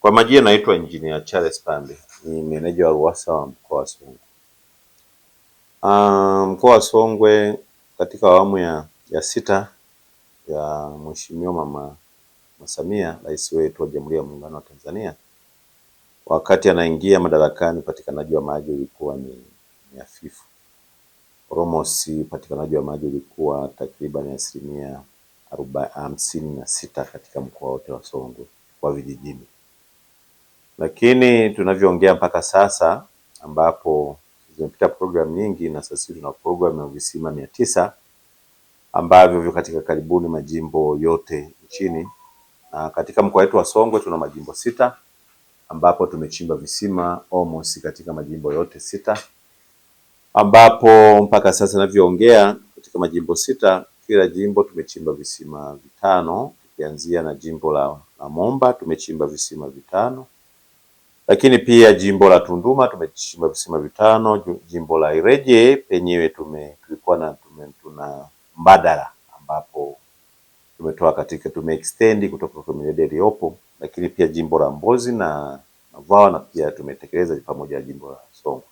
Kwa majina naitwa Engineer Charles Pambe, ni meneja wa RUWASA wa mkoa wa Songwe. Ah, mkoa wa Songwe katika awamu ya, ya sita ya Mheshimiwa Mama Samia, rais wetu wa Jamhuri ya Muungano wa Tanzania, wakati anaingia madarakani, upatikanaji wa maji ulikuwa ni, ni hafifu. Oromosi, upatikanaji wa maji ulikuwa takriban asilimia hamsini na sita katika mkoa wote wa Songwe kwa vijijini lakini tunavyoongea mpaka sasa ambapo zimepita programu nyingi na sasa tuna programu ya visima mia tisa ambavyo vyo katika karibuni majimbo yote nchini, na katika mkoa wetu wa Songwe tuna majimbo sita ambapo tumechimba visima almost katika majimbo yote sita, ambapo mpaka sasa navyoongea katika majimbo sita, kila jimbo tumechimba visima vitano, tukianzia na jimbo la, la Momba tumechimba visima vitano lakini pia jimbo la Tunduma tumechimba visima vitano, jimbo la Ireje penyewe tume tulikuwa na tume, tuna mbadala ambapo tumetoa katika tume extend kutoka kwa miradi iliyopo, lakini pia jimbo la Mbozi na Vawa na pia tumetekeleza pamoja na jimbo la Songwe.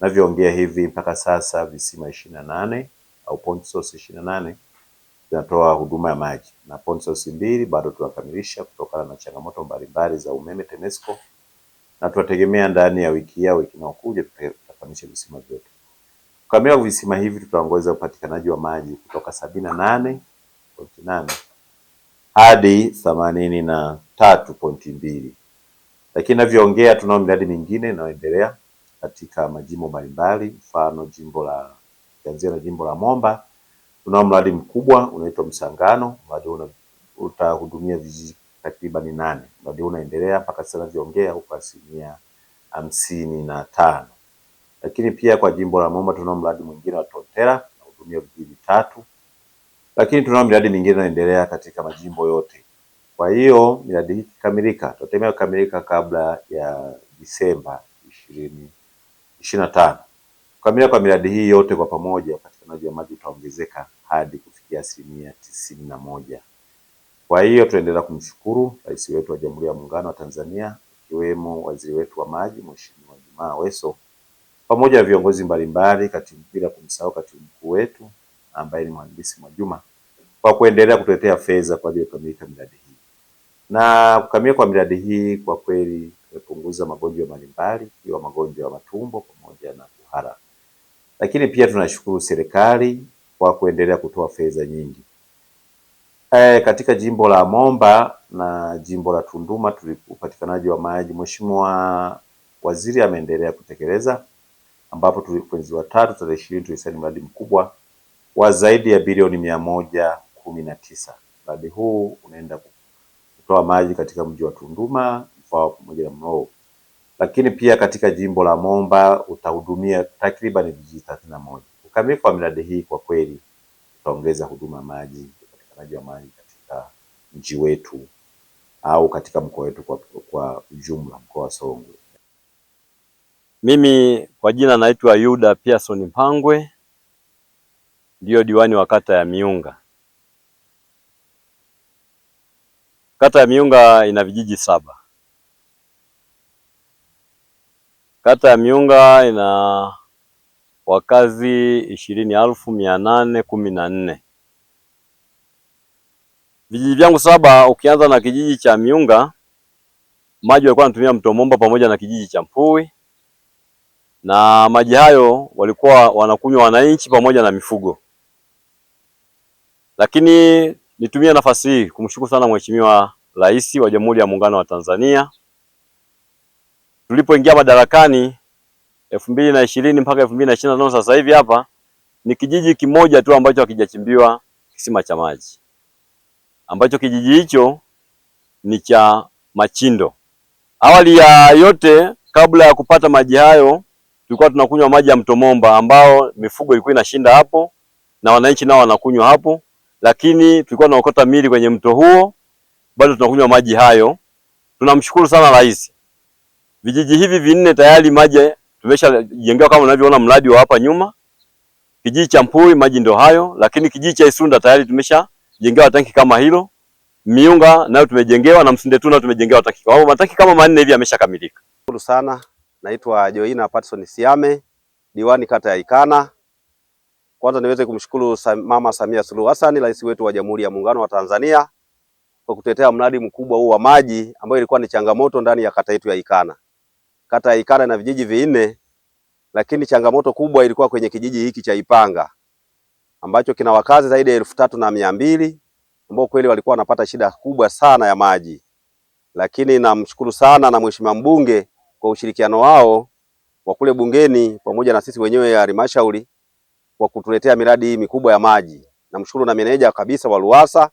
Navyoongea hivi mpaka sasa visima ishirini na nane au point source ishirini na nane zinatoa huduma ya maji na point source mbili bado tunakamilisha kutokana na changamoto mbalimbali za umeme TANESCO na tunategemea ndani ya wiki ya wiki inayokuja tutafamisha visima vyote. Kukamilika kwa visima hivi tutaongeza upatikanaji wa maji kutoka sabini na nane pointi nane hadi themanini na tatu pointi mbili lakini navyoongea, tunao miradi mingine inayoendelea katika majimbo mbalimbali, mfano jimbo la kianzia na jimbo la Momba tunao mradi mkubwa unaitwa Msangano. Mradi utahudumia vijiji takriban nane na unaendelea mpaka sasa navyoongea uko asilimia hamsini na tano. Lakini pia kwa jimbo la Momba tunao mradi mwingine wa Tontela unahudumia vijiji vitatu, lakini tunao miradi mingine inaendelea katika majimbo yote. Kwa hiyo miradi hii ikikamilika, tunategemea kukamilika kabla ya Disemba ishirini na tano. Kukamilika kwa miradi hii yote kwa pamoja, upatikanaji wa maji utaongezeka hadi kufikia asilimia tisini na moja. Kwa hiyo tunaendelea kumshukuru rais wetu wa Jamhuri ya Muungano wa Tanzania, ikiwemo waziri wetu wa maji Mheshimiwa Jumaa Aweso pamoja na viongozi mbalimbali, bila kumsahau katibu mkuu wetu ambaye ni mhandisi Mwajuma kwa kuendelea kutuletea fedha kwa ajili ya kukamilisha miradi hii. Na kukamilika kwa miradi hii kwa kweli tumepunguza magonjwa mbalimbali ikiwa magonjwa ya matumbo pamoja na kuhara, lakini pia tunashukuru serikali kwa kuendelea kutoa fedha nyingi. Eh, katika jimbo la Momba na jimbo la Tunduma upatikanaji wa maji, Mheshimiwa Waziri ameendelea kutekeleza, ambapo mwezi wa tatu tarehe ishirini tulisaini mradi mkubwa wa zaidi ya bilioni mia moja kumi na tisa. Mradi huu unaenda kutoa maji katika mji wa Tunduma, Mfwara pamoja na Mlowo, lakini pia katika jimbo la Momba utahudumia takriban vijiji thelathini na moja. Ukamilifu wa miradi hii kwa kweli utaongeza huduma maji upatikanaji wa maji katika mji wetu au katika mkoa wetu kwa, kwa ujumla mkoa wa Songwe. Mimi kwa jina naitwa Yuda Pearson Mpangwe, ndiyo diwani wa kata ya Miunga. Kata ya Miunga ina vijiji saba. Kata ya Miunga ina wakazi ishirini elfu mia nane kumi na nne. Vijiji vyangu saba ukianza na kijiji cha Miunga, maji walikuwa wanatumia mto Momba pamoja na kijiji cha Mpui, na maji hayo walikuwa wanakunywa wananchi pamoja na mifugo. Lakini nitumie nafasi hii kumshukuru sana Mheshimiwa Rais wa Jamhuri ya Muungano wa Tanzania. Tulipoingia madarakani elfu mbili na ishirini mpaka elfu mbili na ishirini na tano sasa hivi hapa ni kijiji kimoja tu ambacho hakijachimbiwa kisima cha maji ambacho kijiji hicho ni cha Machindo. Awali ya yote, kabla ya kupata maji hayo, tulikuwa tunakunywa maji ya mto Momba ambao mifugo ilikuwa inashinda hapo na wananchi nao wanakunywa hapo, lakini tulikuwa tunaokota mili kwenye mto huo, bado tunakunywa maji hayo. Tunamshukuru sana rais, vijiji hivi vinne tayari maji tumeshajengewa, kama unavyoona mradi wa hapa nyuma. Kijiji cha Mpui maji ndio hayo, lakini kijiji cha Isunda tayari tumesha tumejengewa tanki kama hilo. Miunga nayo tumejengewa na Msinde nayo tumejengewa tanki. Kwa hiyo matanki kama manne hivi yameshakamilika. Shukuru sana. Naitwa Joina Patson Siame, diwani kata ya Ikana. Kwanza niweze kumshukuru Mama Samia Suluhu Hassan, rais wetu wa Jamhuri ya Muungano wa Tanzania kwa kutetea mradi mkubwa huu wa maji ambayo ilikuwa ni changamoto ndani ya kata yetu ya Ikana. Kata ya Ikana na vijiji vinne, lakini changamoto kubwa ilikuwa kwenye kijiji hiki cha Ipanga ambacho kina wakazi zaidi ya elfu tatu na mia mbili ambao kweli walikuwa wanapata shida kubwa sana ya maji, lakini namshukuru sana na mheshimiwa mbunge kwa ushirikiano wao wa kule bungeni pamoja na sisi wenyewe ya halmashauri kwa kutuletea miradi hii mikubwa ya maji. Namshukuru na meneja kabisa wa Ruwasa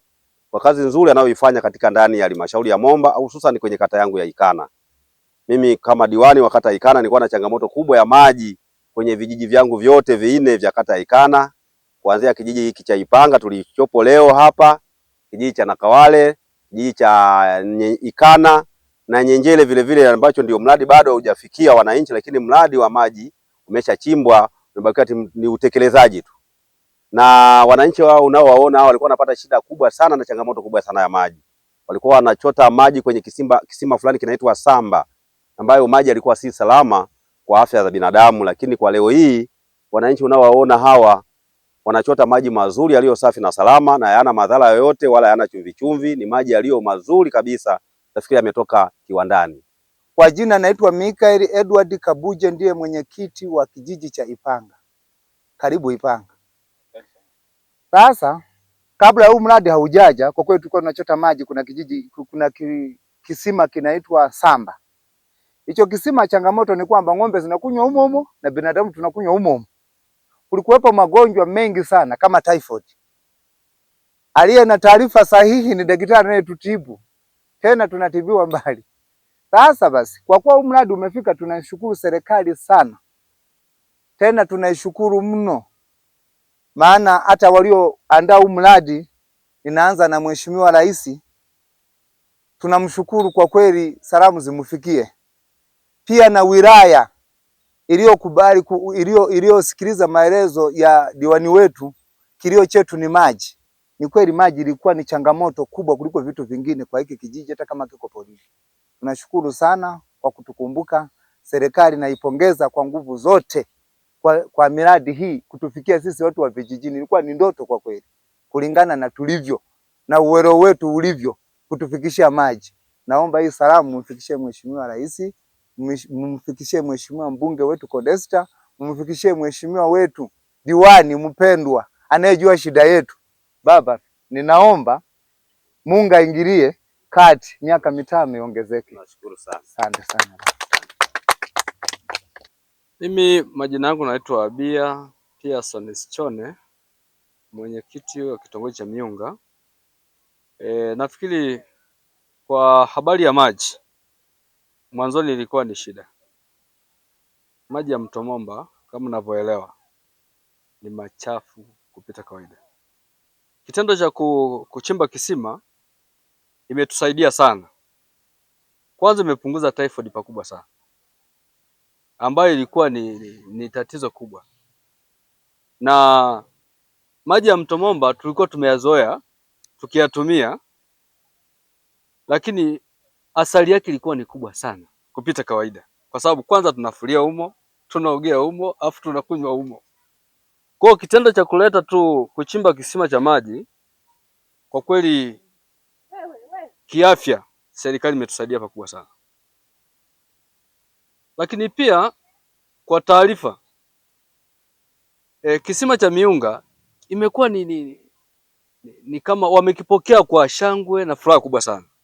kwa kazi nzuri anayoifanya katika ndani ya halmashauri ya Momba, au hususan kwenye kata yangu ya Ikana. Mimi kama diwani wa kata Ikana nilikuwa na changamoto kubwa ya maji kwenye vijiji vyangu vyote vinne vya kata Ikana kuanzia kijiji hiki cha Ipanga tulichopo leo hapa, kijiji cha Nakawale, kijiji cha Ikana na Nyenjele vile vile, ambacho ndio mradi bado haujafikia wananchi, lakini mradi wa maji umeshachimbwa, umebakia ni utekelezaji tu, na wananchi wao unaowaona hao walikuwa wanapata shida kubwa sana na changamoto kubwa sana ya maji. Walikuwa wanachota maji kwenye kisimba, kisima fulani kinaitwa Samba, ambayo maji yalikuwa si salama kwa afya za binadamu, lakini kwa leo hii wananchi unaowaona hawa wanachota maji mazuri yaliyo safi na salama na hayana madhara yoyote wala hayana chumvi chumvi, ni maji yaliyo mazuri kabisa, nafikiri yametoka kiwandani. Kwa jina naitwa Mikael Edward Kabuje, ndiye mwenyekiti wa kijiji cha Ipanga. Karibu Ipanga. Sasa kabla huu mradi haujaja, kwa kweli tulikuwa tunachota maji, kuna kijiji, kuna kisima kinaitwa Samba. Hicho kisima, changamoto ni kwamba ng'ombe zinakunywa humo humo na binadamu tunakunywa humo humo kulikuwepo magonjwa mengi sana kama typhoid. Aliye na taarifa sahihi ni daktari anayetutibu, tena tunatibiwa mbali. Sasa basi, kwa kuwa mradi umefika, tunaishukuru serikali sana, tena tunaishukuru mno, maana hata walioandaa huu mradi inaanza na Mheshimiwa Rais, tunamshukuru kwa kweli, salamu zimfikie pia na wilaya iliyokubali iliyosikiliza maelezo ya diwani wetu, kilio chetu ni maji. Ni kweli maji ilikuwa ni changamoto kubwa kuliko vitu vingine kwa hiki kijiji, hata kama kiko polisi. Tunashukuru sana kwa kutukumbuka. Serikali naipongeza kwa nguvu zote kwa, kwa miradi hii kutufikia sisi watu wa vijijini. Ilikuwa ni ndoto kwa kweli, kulingana na tulivyo na uwero wetu ulivyo, kutufikishia maji. Naomba hii salamu mfikishie Mheshimiwa Rais mumfikishie mheshimiwa mbunge wetu Kodesta, mumfikishie mheshimiwa wetu diwani mpendwa anayejua shida yetu. Baba, ninaomba Mungu aingilie kati, miaka mitano iongezeke. Nashukuru sana. Asante sana. Mimi majina yangu naitwa Abia Pearson Sichone, mwenyekiti wa kitongoji cha Miunga. E, nafikiri kwa habari ya maji Mwanzoni ilikuwa ni shida, maji ya mto Momba kama unavyoelewa ni machafu kupita kawaida. Kitendo cha kuchimba kisima imetusaidia sana. Kwanza imepunguza typhoid pakubwa sana, ambayo ilikuwa ni, ni tatizo kubwa, na maji ya mto Momba tulikuwa tumeyazoea tukiyatumia, lakini asali yake ilikuwa ni kubwa sana kupita kawaida, kwa sababu kwanza tunafulia humo, tunaogea humo, afu tunakunywa humo. Kwa kitendo cha kuleta tu kuchimba kisima cha maji kwa kweli, kiafya serikali imetusaidia pakubwa sana, lakini pia kwa taarifa e, kisima cha Miunga imekuwa ni, ni, ni, ni kama wamekipokea kwa shangwe na furaha kubwa sana.